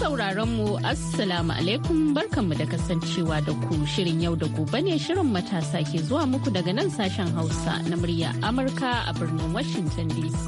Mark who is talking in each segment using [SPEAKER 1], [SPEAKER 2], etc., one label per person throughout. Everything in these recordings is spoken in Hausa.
[SPEAKER 1] sauraron mu assalamu alaikum barkanmu da kasancewa da ku shirin yau da gobe ne shirin matasa ke zuwa muku daga nan sashen hausa na murya amurka a birnin washington dc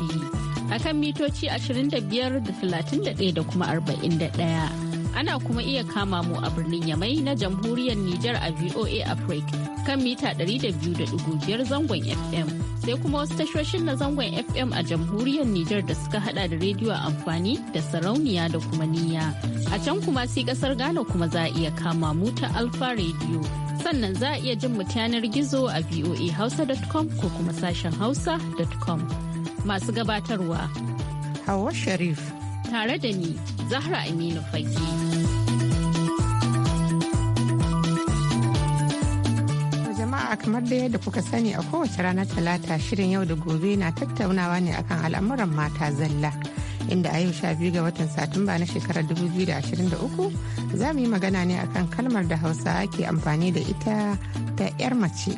[SPEAKER 1] akan mitoci 25 da 31 da kuma 41 ana kuma iya kama mu a birnin Yamai na jamhuriyar Nijar a VOA Africa kan mita 200.5 zangon FM. Sai kuma wasu tashoshin na zangon FM a jamhuriyar Nijar da suka hada da rediyo amfani da sarauniya da kuma niya A can kuma sai kasar Ghana kuma za a iya kama mu ta Alfa Radio. Sannan za a iya jin mu yanar gizo a voahausa.com ko kuma sashen hausa.com. Masu gabatarwa. Hawa Sharif. Tare da ni, Zahra Aminu Fage.
[SPEAKER 2] jama'a kamar da yadda kuka sani a kowace ranar talata shirin yau da gobe na tattaunawa ne akan al'amuran mata zalla inda a yau sha biyu ga watan satumba na shekarar 2023 za mu yi magana ne akan kalmar da hausa ke amfani da ita ta 'yar
[SPEAKER 1] mace.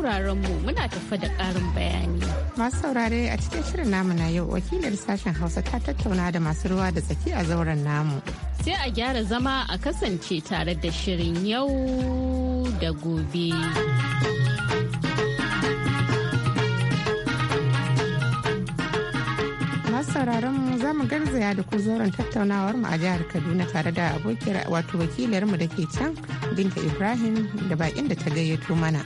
[SPEAKER 1] sauraron mu muna tafa da ƙarin bayani.
[SPEAKER 2] Masu saurare a cikin shirin namu na yau wakilin sashen Hausa ta tattauna da masu ruwa da tsaki a zauren namu.
[SPEAKER 1] Sai a gyara zama a kasance tare da shirin yau da gobe. sauraron mu
[SPEAKER 2] za mu garzaya da ku zauren tattaunawar mu a jihar Kaduna tare da abokiyar wato wakilarmu da ke can Binta
[SPEAKER 3] Ibrahim da bakin da ta gayyato mana.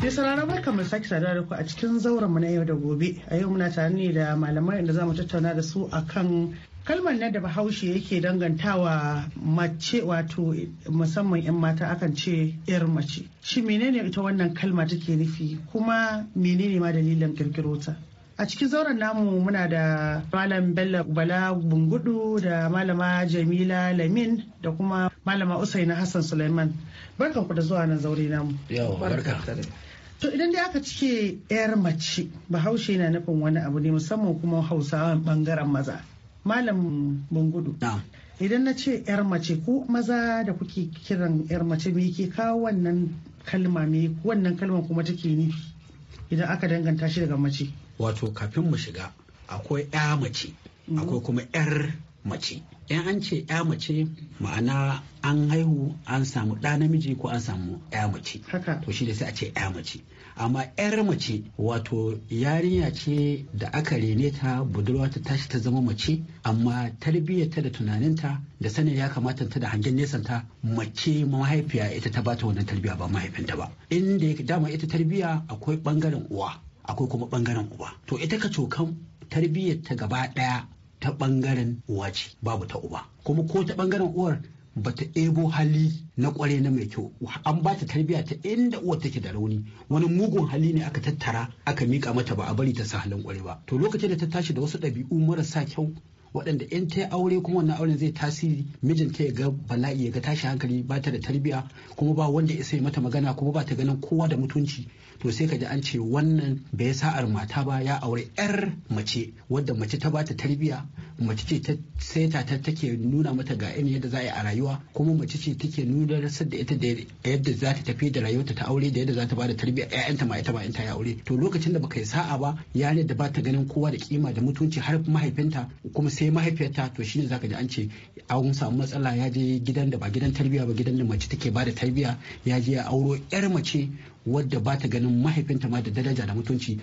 [SPEAKER 3] Sai sauraron barka mu sake saduwa da ku a cikin zauren mu na yau da gobe. A yau muna tare ne da malamai inda zamu tattauna da su akan kalmar nan da bahaushe yake dangantawa mace wato musamman 'yan mata akan ce 'yar mace shi menene ita wannan kalma take nufi kuma menene ma dalilin kirkirota a cikin zauren namu muna da malam bello bala bungudu da malama jamila lamin da kuma malama Usaini hassan suleiman barkan ku da zuwa nan zaure namu yawa barka To idan dai aka cike 'yar mace bahaushe na nufin wani abu ne musamman kuma hausawan bangaren maza. Malam Bangudu. Idan na ce 'yar mace ko maza da kuke kiran 'yar mace me ke kawo wannan kalma me wannan kalma kuma take nufi idan aka danganta shi daga mace.
[SPEAKER 4] Wato kafin mu shiga akwai 'ya mace mm-hmm. akwai kuma 'yar mace in an ce ya mace ma'ana an haihu an samu ɗa namiji ko an samu ya mace to shi da sai a ce ya mace amma yar mace wato yarinya ce da aka rene ta budurwa ta tashi ta zama mace amma tarbiyyarta da tunaninta da sanin ya kamata ta da hangen nesan ta mace mahaifiya ita ta bata wannan tarbiyya ba mahaifinta ba inda dama ita tarbiyya akwai bangaren uwa akwai kuma bangaren uba to ita ka cokan tarbiyyar ta gaba ɗaya. ta ɓangaren uwa ce babu ta uba kuma ko ta ɓangaren uwar ba ta ebo hali na kware na mai kyau an ba ta tarbiya ta inda uwar take da rauni wani mugun hali ne aka tattara aka mika mata ba a bari ta sa halin kware ba to lokacin da ta tashi da wasu ɗabi'u marasa kyau waɗanda in ta aure kuma wannan auren zai tasiri mijinta ya ga bala'i ya ga tashi hankali ba ta da tarbiyya, kuma ba wanda ya sai mata magana kuma ba ta ganin kowa da mutunci to sai ka ji an ce wannan bai sa'ar mata ba ya aure yar mace wadda mace ta bata tarbiya mace ce ta saita ta take nuna mata ga irin yadda za a yi a rayuwa kuma mace ce take nuna rasar da ita da yadda za ta tafi da rayuwarta ta aure da yadda za ta bada tarbiya ƴaƴanta ma ita ma in ta ya aure to lokacin da baka yi sa'a ba ya ne da ba ta ganin kowa da kima da mutunci har mahaifinta kuma sai mahaifiyarta to shine zaka ji an ce an samu matsala ya je gidan da ba gidan tarbiya ba gidan da mace take bada tarbiya ya je ya auro yar mace wadda ba ta ganin mahaifinta ma da daraja da mutunci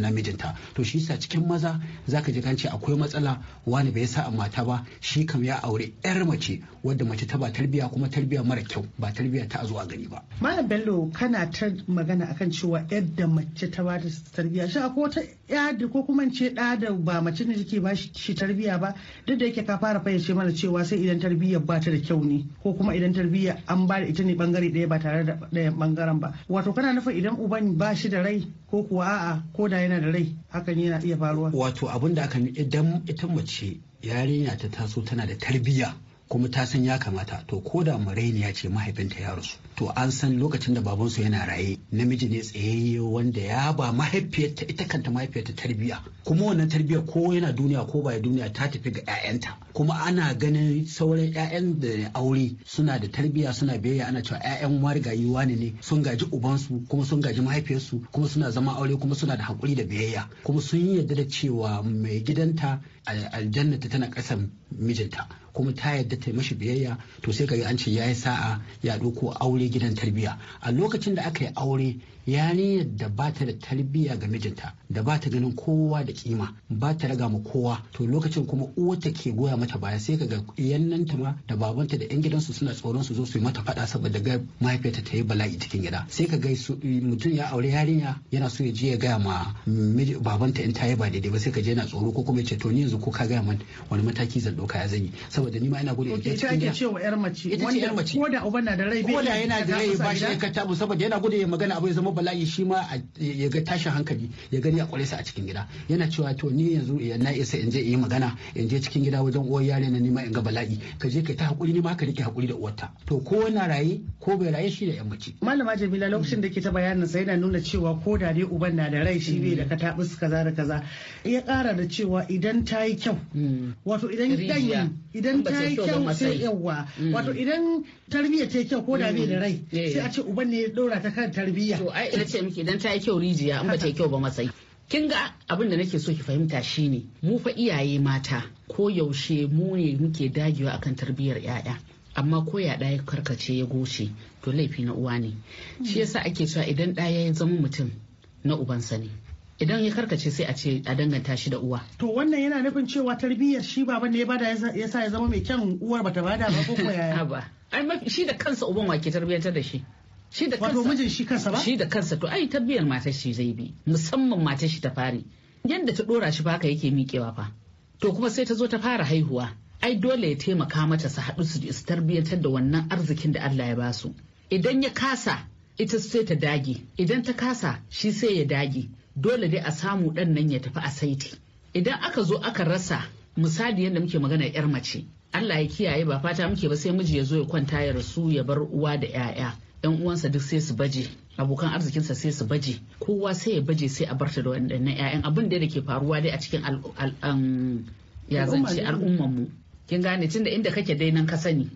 [SPEAKER 4] na mijinta to shi sa cikin maza zaka ji kan ce akwai matsala wani bai sa mata ba shi kam ya aure yar mace wadda mace ta ba tarbiya kuma tarbiya mara kyau ba tarbiya ta zuwa gani ba
[SPEAKER 3] malam bello kana ta magana akan cewa yadda mace ta ba da tarbiya shi akwai wata ya ko kuma ce da da ba mace ne take ba shi tarbiya ba duk da yake ka fara fayyace mana cewa sai idan tarbiya ba ta da kyau ne ko kuma idan tarbiya an ba ita ne bangare daya ba tare da ɗaya bangaren ba wato kana nufin idan uban ba shi da rai ko kuwa a'a ko da yana da rai hakan yana iya faruwa wato abin da aka idan ita mace yarinya ta
[SPEAKER 4] taso tana da tarbiyya kuma ta san ya kamata to ko da ya ce mahaifinta ya rasu to an san lokacin da babansu yana raye namiji ne tsayayye wanda ya ba mahaifiyarta ita kanta mahaifiyarta tarbiya kuma wannan tarbiya ko yana duniya ko ba duniya ta tafi ga 'ya'yanta kuma ana ganin sauran 'ya'yan da aure suna da tarbiya suna biyayya ana cewa 'ya'yan marigayi wani ne sun gaji ubansu kuma sun gaji mahaifiyarsu kuma suna zama aure kuma suna da hakuri da biyayya kuma sun yarda da cewa mai gidanta aljannata tana ƙasan mijinta kuma ta yadda ta mashi biyayya to sai ka an ce ya yi sa'a ya ɗauko aure gidan tarbiyya a lokacin da aka yi aure yarinyar da ba ta da tarbiyya ga mijinta da ba ta ganin kowa da kima ba ta raga ma kowa to lokacin kuma uwata ke goya mata baya sai ka ga yannanta ma da babanta da yan gidansu suna tsoron su zo su yi mata faɗa saboda ga mahaifiyarta ta yi bala'i cikin gida sai ka gaisu mutum ya aure yarinya yana so ya je ya gaya ma babanta in ta yi ba daidai ba sai ka je yana tsoro ko kuma ya ce to ni yanzu ko ka gaya man wani mataki zan ɗauka ya zanyi saboda ni ma ina gudun ya ita ake wa
[SPEAKER 3] yar mace ita ce yar mace
[SPEAKER 4] ko da uban na da rai ko da yana da rai ba shi aikata mu saboda yana gode ya magana abu ya zama bala'i shi ma ya ga tashin hankali ya gani a kware sa a cikin gida yana cewa to ni yanzu eh, na isa in je in yi magana in je cikin gida wajen uwar yare na nima in ga bala'i ka je kai ta hakuri ni ma ka rike hakuri da uwarta to ko na raye ko bai raye
[SPEAKER 3] shi da yan mace malama jamila lokacin da ke ta bayanin sa yana nuna cewa ko da dai uban na da rai shi bai da katabus kaza da kaza ya kara da cewa idan ta yi kyau hmm. wato idan idan idan ta yi kyau sai yawa mm. wato idan tarbiyya ta yi kyau ko da bai da rai
[SPEAKER 5] mm. sai a ce uban ne ya ɗora ta kan tarbiyya to ai ina ce miki idan ta yi kyau rijiya in ba ta yi kyau ba matsayi kin ga abin da nake so ki fahimta shine mu fa iyaye mata ko yaushe mu ne muke dagewa akan tarbiyyar 'ya'ya amma ko ya ɗaya karkace ya goce to laifi na uwa ne shi yasa ake cewa idan ɗaya ya zama mutum na ubansa ne idan
[SPEAKER 3] ya karkace sai a ce a danganta shi da uwa. To wannan yana nufin cewa tarbiyyar shi baban ne ya bada ya sa ya zama mai kyan uwar bata bada ba ko yaya. Ba. Ai shi da kansa uban wake tarbiyyantar da
[SPEAKER 5] shi. Shi da kansa. Wato mijin shi kansa ba? Shi da kansa to ai tarbiyyar matar shi zai bi musamman matar shi ta fari. Yanda ta dora shi haka yake miƙewa fa. To kuma sai ta zo ta fara haihuwa. Ai dole ya taimaka mata su haɗu su tarbiyyantar da wannan arzikin da Allah ya basu. Idan ya kasa ita sai ta dage idan ta kasa shi sai ya dage dole dai a samu ɗan nan ya tafi a saiti idan aka zo aka rasa misali yadda muke magana yar mace Allah ya kiyaye ba fata muke ba sai miji ya zo ya kwanta ya rasu ya bar uwa da 'ya'ya yan uwansa duk sai su baje abokan arzikinsa sai su baje kowa sai ya baje sai a barta da waɗannan 'ya'yan abin da ke faruwa dai a cikin um, ya zance al'ummanmu kin gane tunda inda kake dai nan ka sani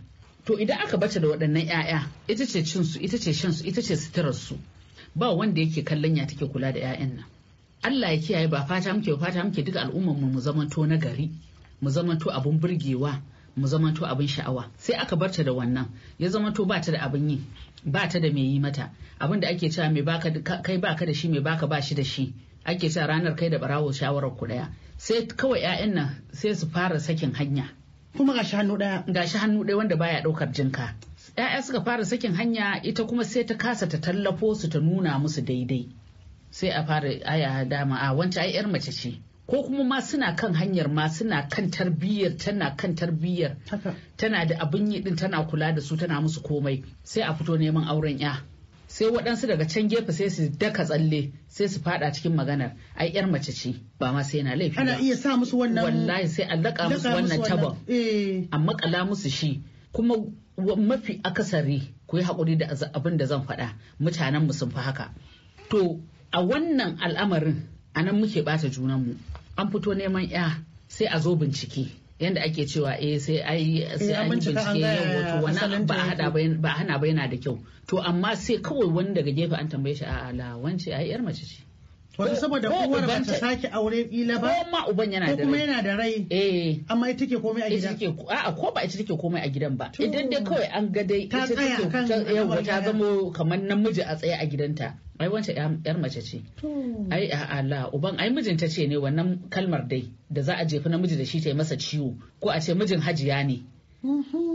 [SPEAKER 5] to idan aka bace da waɗannan 'ya'ya ita ce cin su ita ce shan su ita ce suturar su ba wanda yake kallon ya take kula da 'ya'yan nan Allah ya kiyaye ba fata muke fata muke duka al'ummar mu mu zamanto na gari mu zamanto abun burgewa mu zamanto abin sha'awa sai aka barta da wannan ya zamanto ba ta da abin yi ba ta da mai yi mata abin da ake cewa mai baka kai baka da shi mai baka ba shi da shi ake cewa ranar kai da barawo shawarar ku daya sai kawai 'ya'yan nan sai su fara sakin hanya kuma gashi hannu daya hannu daya wanda baya daukar jinka 'ya'ya suka fara sakin hanya ita kuma sai ta kasa ta tallafo su ta nuna musu daidai sai a fara aya dama a wancan ai 'yar mace ce ko kuma ma suna kan hanyar ma suna kan tarbiyyar tana kan tarbiyyar tana da abin yi din tana kula da su tana musu komai sai a fito neman auren 'ya sai waɗansu daga can gefe sai su daka tsalle sai su fada cikin maganar ai yar mace ce ba ma sai na laifi ana iya sa
[SPEAKER 3] musu wannan wallahi
[SPEAKER 5] sai a laka musu wannan tabon eh. a kala musu shi kuma mafi akasari ku yi haƙuri da abin da zan faɗa mutanen mu sun fi haka to a wannan al'amarin a nan muke ɓata junanmu an fito neman ya sai a zo bincike yadda ake cewa eh sai a yi eh, bincike yau wato wani ba a hana ba yana da kyau to amma sai kawai wani daga gefe an tambaye shi a la wance ai yar mace ce
[SPEAKER 3] Wato saboda uwar ba ta sake aure Ila ba. Ko ma uban yana da rai. Ko kuma yana da rai. Eh. Amma ita ke komai a gidan.
[SPEAKER 5] A'a ko ba ita take komai a gidan ba. Idan dai kawai an ga dai ita take ta zama kamar namiji a tsaye a gidanta. ai wancan yar mace ce ai Allah uban ai mijinta ce ne wannan kalmar dai da za a jefi namiji da shi ta yi masa ciwo ko a ce mijin hajiya ne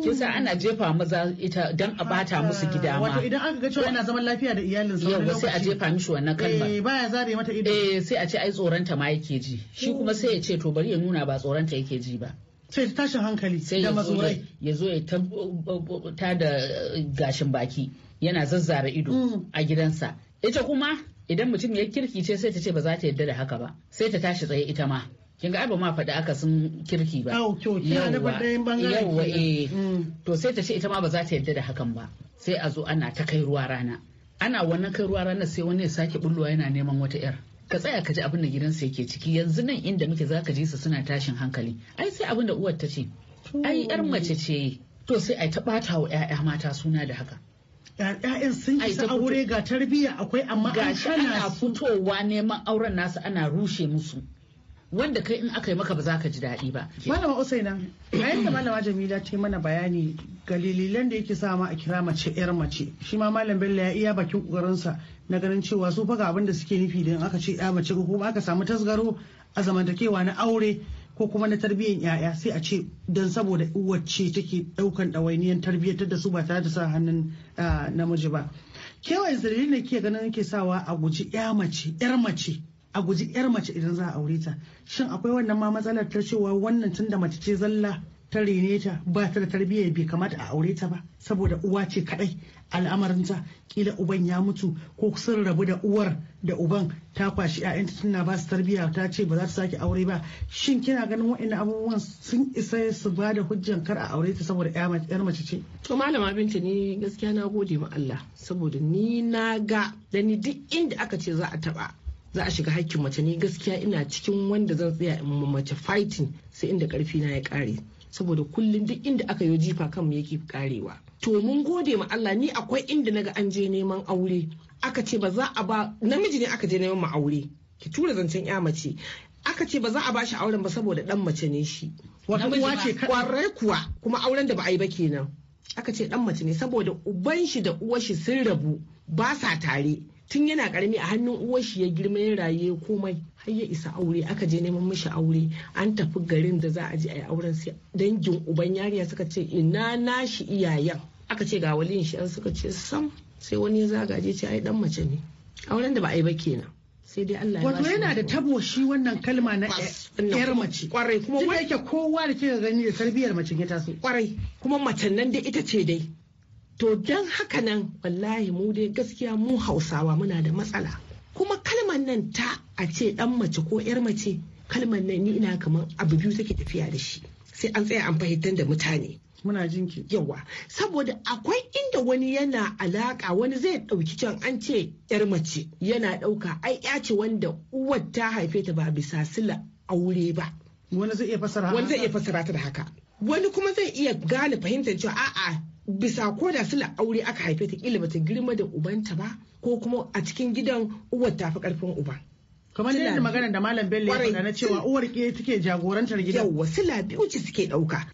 [SPEAKER 5] kisa ana jefa maza ita dan a bata musu gida ma wato idan
[SPEAKER 3] aka ga cewa yana zaman lafiya da iyalin sa
[SPEAKER 5] yau sai a jefa mishi wannan kalmar eh baya zare mata ido eh sai a ce ai tsoronta ma yake ji shi kuma hmm. sai ya ce to bari ya nuna ba tsoronta yake ji ba sai ta tashin hankali sai ya zo ya zo ya ta da gashin baki yana zazzara ido hmm. a gidansa ita kuma idan mutum ya kirkice sai ta ce ba za ta yarda da haka ba sai ta tashi tsaye ita ma kin ga ba ma faɗi aka sun kirki ba yawwa eh mm. to sai ta ce ita ma ba za ta yarda da hakan ba sai a zo ana ta kai ruwa rana ana wannan kai ruwa rana sai wani ya sake bullowa yana neman wata yar ka tsaya ka ji abin da gidansa yake ciki yanzu nan inda muke zaka ji su suna tashin hankali ai sai abin da uwar ta ce ai yar mace ce to sai ai ta bata wa 'ya'ya mata suna da haka
[SPEAKER 3] 'Ya'yan sun sa aure ga tarbiyya akwai amma an hana ana
[SPEAKER 5] fitowa neman auren nasu
[SPEAKER 3] ana rushe musu wanda kai in aka yi maka ba za ka ji daɗi ba. Malama Usaina, a yadda Malama Jamila ta yi mana bayani ga lililan da yake sama a kira mace 'yar mace. Shi ma Malam Bello ya iya bakin ƙoƙarinsa na ganin cewa su faga abin da suke nufi da aka ce 'ya mace ko kuma aka samu tasgaro a zamantakewa na aure ko kuma na tarbiyyar 'ya'ya sai a ce don saboda wacce take ɗaukan ɗawainiyar tarbiyyar da su ba tare da sa hannun ah, namiji ba. Kewaye zargin da ke ganin ke sawa a guji 'ya mace 'yar mace a guji 'yar mace idan za a aure ta shin akwai wannan ma matsalar ta cewa wannan tun da mace ce zalla ta rene ta ba ta da tarbiyyar bai kamata a aure ta ba saboda uwa ce kadai al'amarinta kila uban ya mutu ko sun rabu da uwar da uban ta kwashi 'ya'yanta tana ba su tarbiyya ta ce ba za ta sake aure ba shin kina ganin wa'annan abubuwan sun isa su ba da hujjan kar a aure ta saboda 'yar mace ce
[SPEAKER 2] to malama binta ni gaskiya na gode ma Allah saboda ni na ga da ni duk inda aka ce za a taba za a shiga hakkin mace ne gaskiya ina cikin wanda zan tsaya in mace fighting sai inda karfi na ya kare saboda kullum duk inda aka yi jifa kan yake karewa to mun gode ma Allah ni akwai inda naga an je neman aure aka ce ba za a ba namiji ne aka je neman ma aure ki tura zancen ya mace aka ce ba za a ba shi auren ba saboda dan mace ne shi wata ce kwarai kuwa kuma auren da ba a yi ba kenan aka ce dan mace ne saboda uban shi da uwar shi sun rabu ba sa tare tun yana karami a hannun shi ya girma ya raye komai har ya isa aure aka je neman mishi aure an tafi garin da za a je a yi auren sai dangin uban yariya suka ce ina nashi iyayen aka ce ga waliyin shi an suka ce sam
[SPEAKER 3] sai wani ya je ce ai dan mace ne auren da ba a yi ba kenan
[SPEAKER 2] sai dai Allah ya wato yana da tabo
[SPEAKER 3] shi wannan kalma na yar mace kwarai kuma wai yake kowa da ke gani da tarbiyyar mace ta so. kwarai kuma macen nan dai ita ce dai to don haka nan wallahi
[SPEAKER 2] mu dai gaskiya mu hausawa muna da matsala kuma kalmar nan ta a ce dan mace ko yar mace kalmar nan ni ina kamar abu biyu take tafiya da shi sai an tsaya an fahimtar da mutane muna jinki yawa saboda akwai inda wani yana alaka wani zai dauki can an ce yar mace yana dauka ai ya ce wanda uwar ta haife ta ba bisa sila aure ba wani zai iya fasara wani zai iya fasara ta da haka wani kuma zai iya gane fahimtar cewa a'a bisa ko da sila aure aka haife ta kila bata girma da ubanta ba ko kuma a cikin gidan uwar ta fi karfin uba kamar yadda magana
[SPEAKER 3] da malam bello ya na cewa uwar ke take jagorantar gidan yawwa sila biyu ce suke ɗauka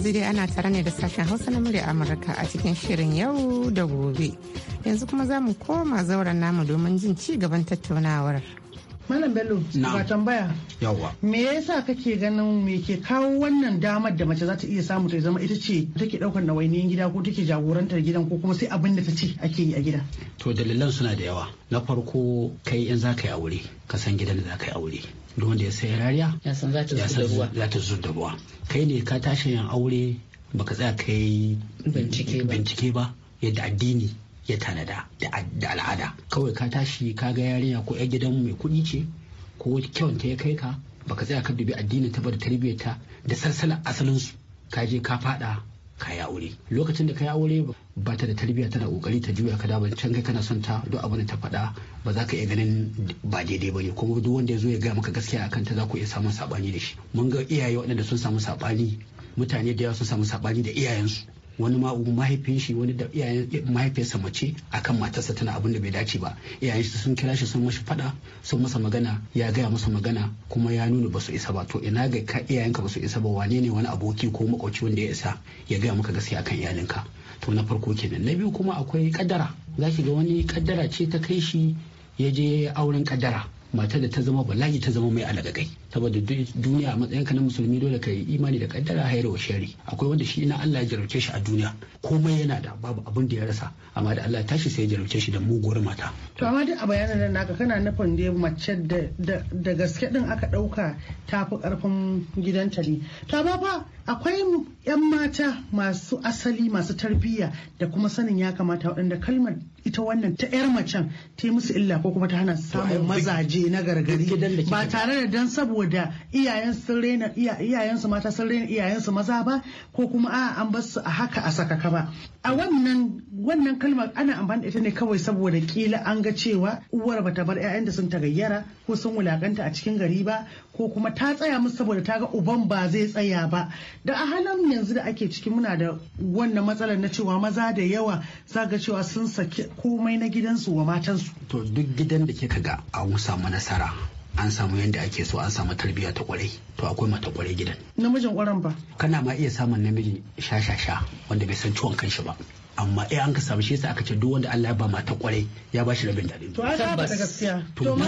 [SPEAKER 2] yanzu dai ana tare ne da sashen hausa na murya amurka a cikin shirin yau da gobe yanzu kuma za mu koma zauren
[SPEAKER 3] namu domin jin ci gaban tattaunawar Malam Bello, ba tambaya. Yawwa. Me yasa kake ganin me ke kawo wannan damar da mace za ta iya samu ta zama ita ce take daukar nawainiyin gida ko take jagorantar gidan ko kuma sai abin da ta ce ake yi a gida?
[SPEAKER 4] To dalilan suna da yawa. Na farko kai in za ka yi aure, ka san gidan da za ka yi aure. Duk wanda ya sayi
[SPEAKER 3] rariya,
[SPEAKER 5] ya san za ta
[SPEAKER 4] da ruwa. Kai ne ka tashi yin aure baka tsaya kai bincike ba yadda addini ya tanada da al'ada kawai ka tashi ka ga yarinya ko 'yar gidan mai kuɗi ce ko kyawunta ya kai ka baka tsaya ka dubi addinin ta ba da tarbiyyar da salsalar asalin su ka je ka faɗa ka ya aure lokacin da ka ya aure ba ta da tarbiyya tana kokari ta juya ka daban can kai kana son ta duk abin da ta faɗa ba za ka iya ganin ba daidai ba ne kuma duk wanda ya zo ya gaya maka gaskiya akan ta za ku iya samun sabani da shi mun ga iyaye waɗanda sun samu sabani mutane da yawa sun samu saɓani da iyayensu wani ma mahaifin shi wani da iyayen mahaifiyarsa mace akan matarsa tana abin da bai dace ba iyayen shi sun kira shi sun mashi fada sun masa magana ya gaya masa magana kuma ya nuna su isa ba to ina ga ka ba su isa ba wane ne wani aboki ko makwaci wanda ya isa ya gaya maka gaskiya akan iyalinka to na farko kenan na biyu kuma akwai kaddara zaki ga wani kaddara ce ta kai shi ya je auren kaddara matar da ta zama bala'i ta zama mai alagagai saboda duniya a matsayinka na musulmi dole ka yi imani da kaddara hayar wa shari akwai wanda shi na Allah ya jarabce shi
[SPEAKER 3] a duniya komai yana da babu abin da ya rasa amma da Allah ya tashi sai ya jarabce shi da muguwar mata to amma duk a bayanan nan naka kana nufin da mace da gaske din aka ɗauka ta fi karfin gidanta ne to amma fa akwai yan mata masu asali masu tarbiyya da kuma sanin ya kamata waɗanda kalmar ita wannan ta yar macen ta yi musu illa ko kuma ta hana samun mazaje na gargari ba tare da dan saboda saboda iyayen sun rena iyayensu mata sun rena iyayensu maza ba ko kuma a an bar su a haka a sakaka ba a wannan kalmar ana amfani ita ne kawai saboda kila an ga cewa uwar bata bar 'ya'yan da sun tagayyara ko sun wulakanta a cikin gari ba ko kuma ta tsaya musu saboda ta ga uban ba zai tsaya ba da a halin yanzu da ake ciki muna da wannan matsalar na cewa maza da yawa za ga cewa sun saki komai na gidansu wa matansu to duk gidan da kika ga a wusa nasara an samu yadda ake so an samu tarbiyya ta
[SPEAKER 4] kwarai to akwai mata kwarai gidan
[SPEAKER 3] namijin kwaran ba
[SPEAKER 4] kana ma iya samun namiji sha-sha-sha wanda bai san ciwon kanshi ba amma eh an ka samu shi yasa aka ce duk wanda Allah ya ba mata kwarai ya ba shi rabin
[SPEAKER 3] daɗi to ta gaskiya to ma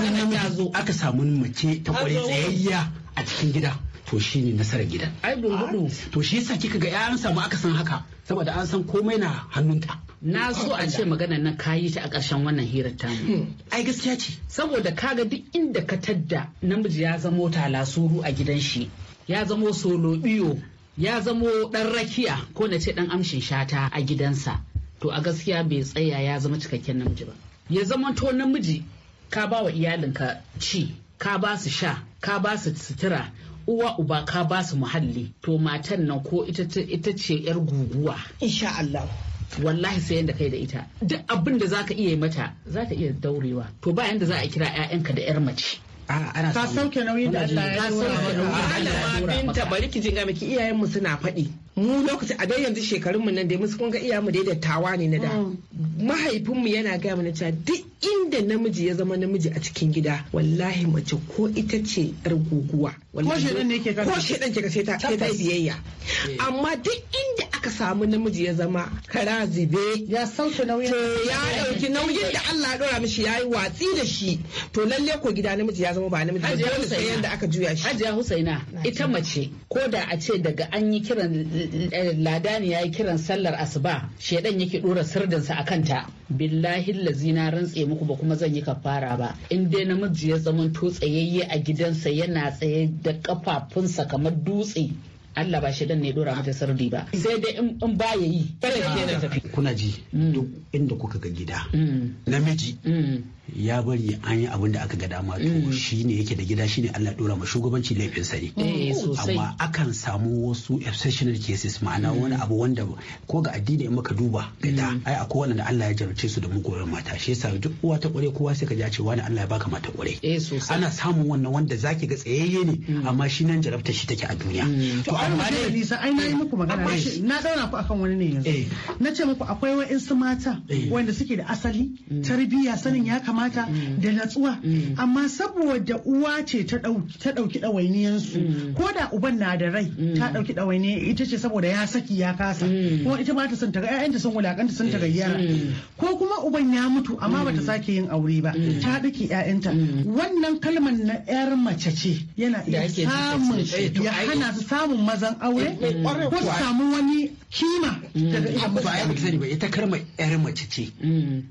[SPEAKER 4] aka samu mace ta kwarai tsayayya a cikin gida to ne nasarar gidan ai bungudu to shi yasa kika ga yaran samu aka san haka
[SPEAKER 5] saboda an san komai na hannunta na so a ce magana na kayi ta a ƙarshen wannan hirar ta hmm. ai gaskiya ce saboda kaga duk inda ka tadda namiji ya zamo talasuru a gidan shi ya zamo solo biyo ya zamo ɗan rakiya ko na ce ɗan amshin shata a gidansa to a gaskiya bai tsaya ya zama cikakken namiji ba ya zama to namiji ka ba wa iyalinka ci ka ba su sha ka ba su sutura uwa uba ka ba su muhalli to matan nan ko ita ce yar guguwa insha Allah wallahi sai yanda kai da ita duk abin da zaka iya mata zaka iya daurewa to ba yanda za a kira 'ya'yanka da yar mace ka sauke nauyi da Allah
[SPEAKER 2] ya bari ki jinga miki iyayen mu suna faɗi mu lokaci a dai yanzu shekarun mu nan dai mu sun ga iyayen mu dai dattawa ne na da mm. mahaifinmu yana gaya mana cewa duk inda namiji ya zama namiji a cikin gida wallahi mace ko ita ce yar guguwa ko shedan ne ke ka ko shedan ke ta biyayya eh. amma duk inda aka samu namiji ya zama kara zube. ya sauke nauyin to ya dauki nauyin da Allah ya dora mishi
[SPEAKER 5] yayi watsi da shi to lalle ko gida namiji ya zama ba namiji ba dole sai yanda aka juya shi Hajiya Husaina ita mace ko da a ce daga an yi kiran eh, ladani yayi kiran sallar asuba shedan yake dora sa akan ta billahi lazina rantse muku ba kuma zan yi kafara ba in dai namiji ya zama to tsayayye a gidansa yana tsaye da kafafunsa kamar dutse Allah ba shi dan ne dora mata sardi ba sai dai in ba yayi
[SPEAKER 4] kada ke tafi kuna ji mm. duk inda kuka ga gida mm. namiji mm. ya bari an yi abin da aka ga dama to mm. shi ne yake da gida shi ne Allah dora ma shugabanci laifin eh, sani amma akan samu wasu exceptional cases ma'ana wani mm. abu wanda ko ga addini in muka duba gada mm. ai akwai wanda Allah ya jarrace su da mugoyar mata shi yasa duk uwa ta kware kowa sai ka ji cewa ne Allah ya baka mata kware eh, ana samun wannan wanda zaki ga tsayayye ne amma shi nan jarabta shi take a duniya to amma dai
[SPEAKER 3] nisa ai na yi eh. muku magana na dauna ku akan wani ne yanzu na ce muku akwai su mata wanda suke da asali tarbiyya sanin ya kamata kamata mm. da natsuwa mm. amma saboda uwa ce ta ɗauki ɗawainiyansu mm. ko da uban na da rai ta ɗauki ɗawainiya ita ce saboda ya saki ya kasa ko ita ma ta ta taga ƴaƴanta sun wulakanta sun ta gayyara ko kuma uban ya mutu amma bata sake yin aure ba ta ɗauki ƴaƴanta wannan kalmar na ƴar mace ce yana iya samun eh, ya hana su samun mazan aure eh, eh, ko su samu wani kima
[SPEAKER 4] daga ita ba ita karma ƴar mace ce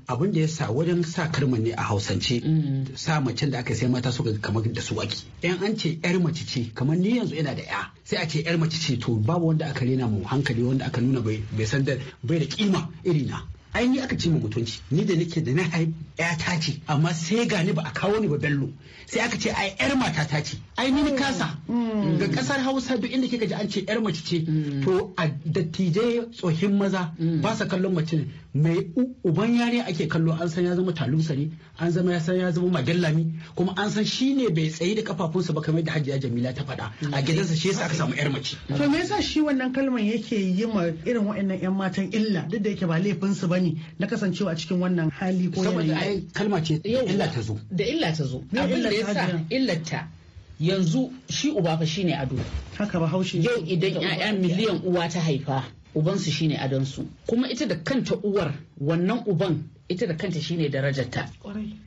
[SPEAKER 4] abin da ya sa wajen sa karma ne a hausance mm. sa macen da aka sai mata suka kamar da su ake yan an ce yar mace ce kamar ni yanzu ina da ya sai a ce yar mace ce to babu wanda aka rena mu hankali wanda aka nuna bai san da bai da kima na. ai ni aka ce mu mutunci ni da nake da na ta ce amma sai ga ni ba a kawo ni ba bello sai aka ce ai yar mata ta ce ai ni mm. kasa mm. ga kasar Hausa duk inda kika ji an ce yar mace ce to a dattijai tsohin maza ba sa kallon mace mai uban yare ake kallo an san ya zama talusa ne an zama ya san ya zama magallami kuma an san shi ne bai tsayi da kafafunsa ba kamar da hajiya jamila ta faɗa a gidansa shi yasa aka samu yar mace to
[SPEAKER 3] me yasa shi wannan kalmar yake yi ma irin waɗannan yan matan illa duk da yake ba laifin su bane na kasancewa a cikin wannan hali ko saboda ai kalma ce illa ta zo da illa ta zo abin da yasa ta yanzu shi uba
[SPEAKER 5] fa shine ado haka ba haushi yau idan 'ya'ya miliyan uwa ta haifa ubansu shine adonsu kuma ita da kanta uwar wannan uban ita da kanta shine darajarta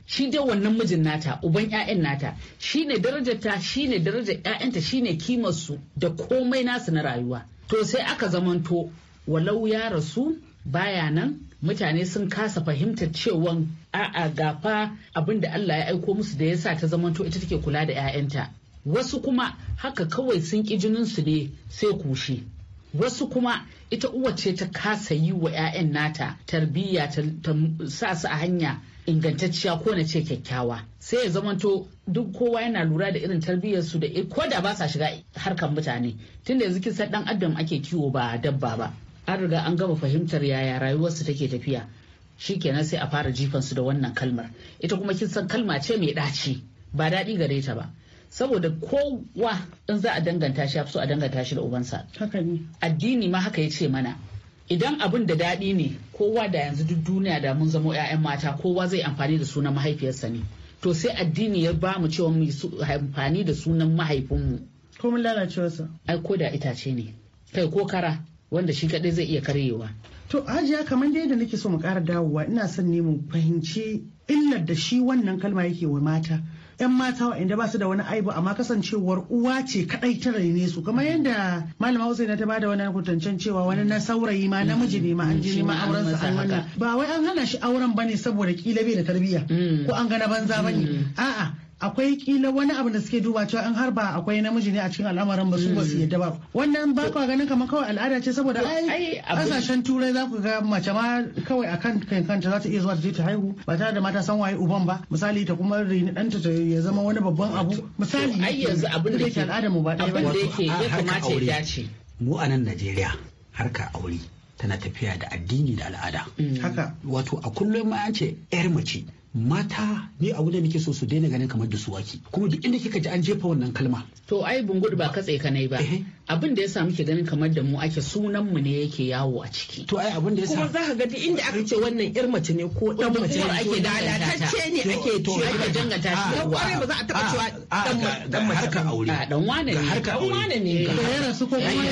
[SPEAKER 5] shi dai wannan mijin nata uban 'ya'yan nata shine darajarta shine darajar 'ya'yanta shine kimarsu da komai nasu na rayuwa to sai aka zamanto walau ya rasu baya nan mutane sun kasa fahimtar cewan a'a gafa abin da Allah ya aiko musu da yasa ta zamanto ita take kula da 'ya'yanta wasu kuma haka kawai sun ƙi jininsu ne sai kushi wasu kuma ita uwa ce ta kasa yi wa 'ya'yan nata tarbiyya ta sa su a hanya ingantacciya ko na ce kyakkyawa sai ya zamanto duk kowa yana lura da irin tarbiyyarsu da ko da ba sa shiga harkar mutane da yanzu kisan dan adam ake kiwo ba dabba ba an riga an gama fahimtar yaya rayuwarsu take tafiya Shi kenan sai a fara jifansu da wannan kalmar ita kuma kin san kalma ce mai ɗaci ba daɗi gare ta ba saboda kowa in za a danganta shi so a danganta shi da ubansa addini ma haka ya ce mana idan abin da daɗi ne kowa da yanzu duk duniya da mun zama 'ya'yan mata kowa zai amfani da sunan mahaifiyarsa ne to sai addini ya ba mu cewa mu amfani da sunan mahaifinmu
[SPEAKER 3] ko mun lalacewarsa ai ko da itace ne kai ko kara wanda shi kadai zai iya karyewa to hajiya kamar dai da nake so mu ƙara dawowa ina son ne mu fahimci illar da shi wannan kalma yake wa mata 'yan mata waɗanda ba su da wani aibu amma kasancewar uwa ce kadai ta raine su kamar mm. yadda malama Usaina ta bada wani kutancen cewa wani na saurayi ma mm. namiji ne ma an je ma auren sa an wannan ba wai an hana shi auren bane saboda kila bai da tarbiyya mm. ko an gana na banza bane a'a akwai kila wani abu da suke duba cewa in harba akwai namiji ne a cikin al'amarin ba su ba su yadda ba wannan ba ka ganin kamar kawai al'ada ce saboda kasashen turai za ku ga mace ma kawai akan kan kanta za ta iya zuwa ta je ta haihu ba tare da mata san waye uban ba misali ta kuma rini danta ta ya zama wani babban abu misali ai yanzu abin da yake al'ada mu ba dai ba abin da yake ya kamata ya
[SPEAKER 4] ce mu a nan Najeriya harka aure tana tafiya da addini da al'ada haka wato a kullum ma an ce yar mace mata
[SPEAKER 5] ni abu da muke so su daina ganin kamar da su waki kuma duk inda kika ji an jefa wannan kalma to ai bungudu ba katse ka nai ba eh. abin da yasa muke ganin kamar da mu ake sunan mu ne yake yawo a ciki to ai abin da yasa kuma zaka ga duk inda aka ce wannan yar mace ne ko dan mace ne ake ce ne ake to ake ta shi ko ba za a taba cewa dan dan mace kan aure dan wane ne
[SPEAKER 4] harka aure ne ga yara su ko kuma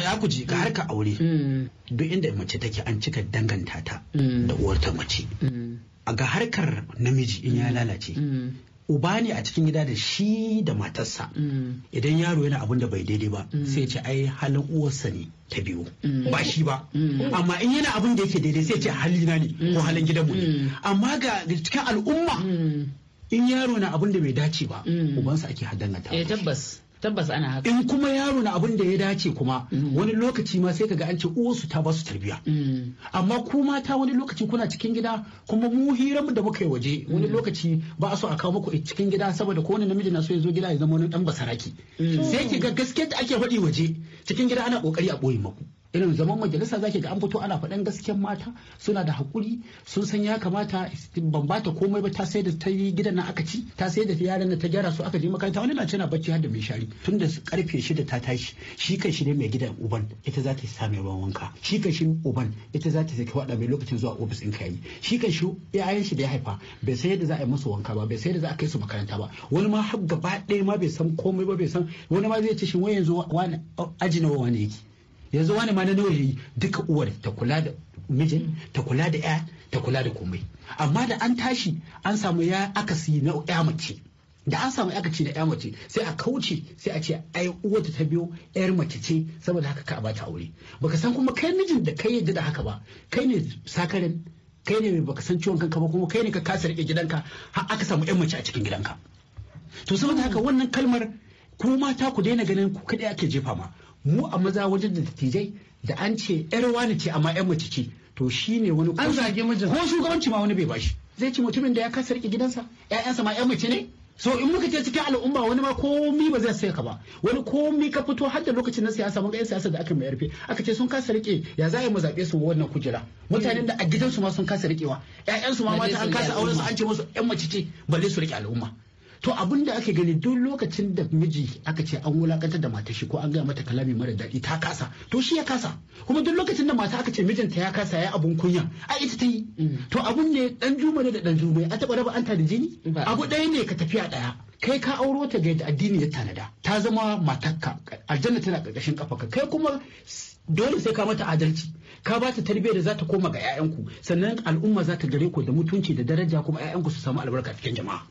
[SPEAKER 4] ya ji ga harka aure hmm. duk inda mace take an cika danganta ta hmm. da uwar ta mace hmm. a ga harkar namiji in ya mm. lalace mm. uba ne a cikin gida da shi da matarsa mm. idan yaro yana abin da bai daidai ba sai ce ai halin uwarsa ne ta biyu ba shi ba amma in yana abin da yake daidai sai ce halina ne ko halin gidanmu ne amma ga cikin al'umma in yaro na abin da bai dace ba ubansa ake haddana ta eh, tabbas tabbas ana haka in kuma yaro na abin da ya dace kuma mm. wani lokaci ma sai kaga an ce uwarsu ta basu tarbiya mm. amma ku mata wani lokaci kuna cikin gida kuma mu hirar da muka yi waje mm. wani lokaci ba a so a kawo muku cikin gida saboda kowane namiji na so ya zo gida ya zama wani dan basaraki sai ki ga gaskiyar da ake faɗi waje cikin gida ana kokari a ɓoye maku irin zaman majalisa zaki ga an fito ana faɗan gaskiyar mata suna da haƙuri sun san ya kamata ban bata komai ba ta sai da ta yi gidan nan aka ci ta sai da yaran da ta gyara su aka je makaranta wani na tana bacci har da mai shari tun da karfe shida ta tashi shi kan shi ne mai gidan uban ita za ta sa mai ruwan wanka shi kan shi uban ita za ta kai wada mai lokacin zuwa ofis ɗin kayi shi kan shi yayan shi da ya haifa bai sai da za a yi musu wanka ba bai sai da za a kai su makaranta ba wani ma har gaba ɗaya ma bai san komai ba bai san wani ma zai ce shi wai yanzu wani aji nawa wani yake yanzu wani ma na nawa yayi duka uwar ta kula da mijin ta kula da ya ta kula da komai amma da an tashi an samu ya akasi na ya mace da an samu akaci na ya mace sai a kauce sai a ce ai uwar ta biyo yar mace ce saboda haka ka bata aure baka san kuma kai mijin da kai yadda da haka ba kai ne sakarin kai ne mai baka san ciwon kanka ba kuma kai ne ka kasa rike gidanka har aka samu yan mace a cikin gidanka to saboda haka wannan kalmar ku mata ku daina ganin ku kadai ake jefa ma mu a maza wajen da dattijai da an ce yar wani ce amma yan mace ce to shine wani an zage mijin ko shugabanci ma wani bai bashi zai ce mutumin da ya kasa rike gidansa ƴaƴansa ma yan mace ne so in muka ce cikin al'umma wani ma komi ba zai sayaka ba wani komi ka fito har da lokacin na siyasa mun ga yan siyasa da aka mai rufe aka ce sun kasa rike ya za a yi mu zaɓe su wannan kujera mutanen da a gidansu ma sun kasa rikewa ƴaƴansu ma mata an kasa auren su an ce musu yan mace ce balle su rike al'umma to abin da ake gani duk lokacin da miji aka ce an wulakantar da mata shi ko an gaya mata kalami mara daɗi ta kasa to shi ya kasa kuma duk lokacin da mata aka ce mijinta ya kasa ya abun kunya a ita ta yi mm. to abun ne dan juma da dan juma a taɓa raba an da jini abu ɗaya ne ka tafiya ɗaya kai ka auro ta ga yadda addini ya tanada ta zama matarka aljanna tana ƙarƙashin kafa kai kuma dole sai ka mata adalci ka ba ta tarbiyyar da za ta koma ga 'ya'yanku sannan al'umma za ta gare ku da mutunci da daraja kuma 'ya'yanku su samu
[SPEAKER 5] albarka cikin jama'a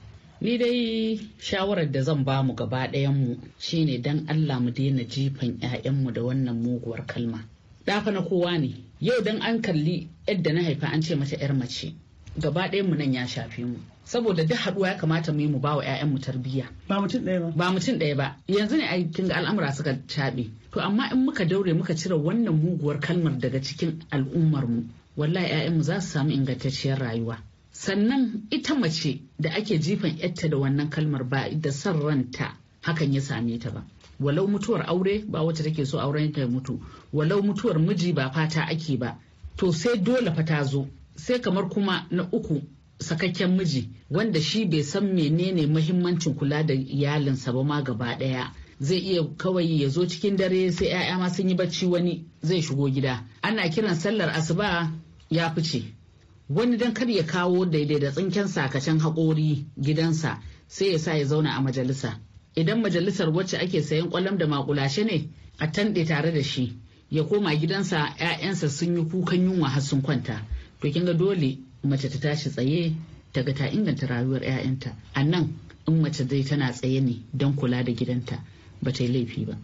[SPEAKER 5] Ni dai shawarar da zan ba mu gaba mu ne don Allah mu daina jifan 'ya'yanmu da wannan muguwar kalma. Ɗafa na kowa ne, yau don an kalli yadda na haifa an ce mace 'yar mace. Gaba mu nan ya shafe mu. Saboda duk haɗuwa ya kamata mu yi mu ba wa 'ya'yanmu tarbiyya. Ba mutum ɗaya ba. Ba mutum ɗaya ba. Yanzu ne aikin ga al'amura suka caɓe. To amma in muka daure muka cire wannan muguwar kalmar daga cikin al'ummarmu. Wallahi 'ya'yanmu za su samu ingantacciyar rayuwa. sannan ita mace da ake jifan yatta da wannan kalmar ba da son ranta hakan ya same ta ba walau mutuwar aure ba wacce take so auren ta mutu walau mutuwar miji ba fata ake ba to sai dole fa ta zo sai kamar kuma na uku sakakken miji wanda shi bai san menene mahimmancin kula da iyalinsa ba ma gaba daya zai iya kawai ya zo cikin dare sai 'ya'ya ma sun yi bacci wani zai shigo gida ana kiran sallar asuba ya fice wani dan kar ya kawo daidai da tsinken sakacen haƙori gidansa sai ya sa ya zauna a majalisa idan majalisar wacce ake sayan kwalam da makulashe ne a tanɗe tare da shi ya koma gidansa 'ya'yansa sun yi kukan yunwa har sun kwanta to kin ga dole mace ta tashi tsaye ta ga ta inganta rayuwar 'ya'yanta a nan in mace dai tana tsaye ne don kula da gidanta ba ta yi laifi ba.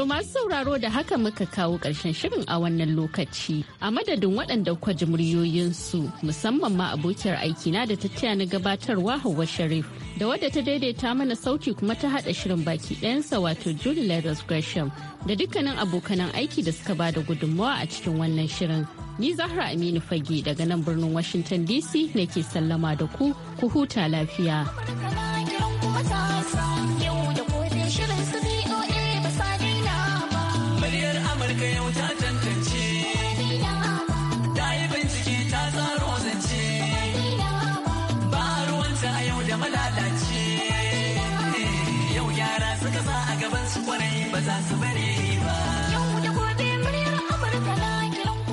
[SPEAKER 1] To masu sauraro da haka muka kawo ƙarshen shirin a wannan lokaci. A madadin waɗanda kwaji muryoyinsu musamman ma abokiyar aiki na da tattaya na gabatarwa Hauwa Sharif. Da wadda ta daidaita mana sauki kuma ta haɗa shirin baki ɗayansa wato Julie Leathers Gresham da dukkanin abokanan aiki da suka bada gudunmawa a cikin wannan shirin. Ni Zahra Aminu Fage daga nan birnin Washington DC nake sallama da ku, ku huta lafiya.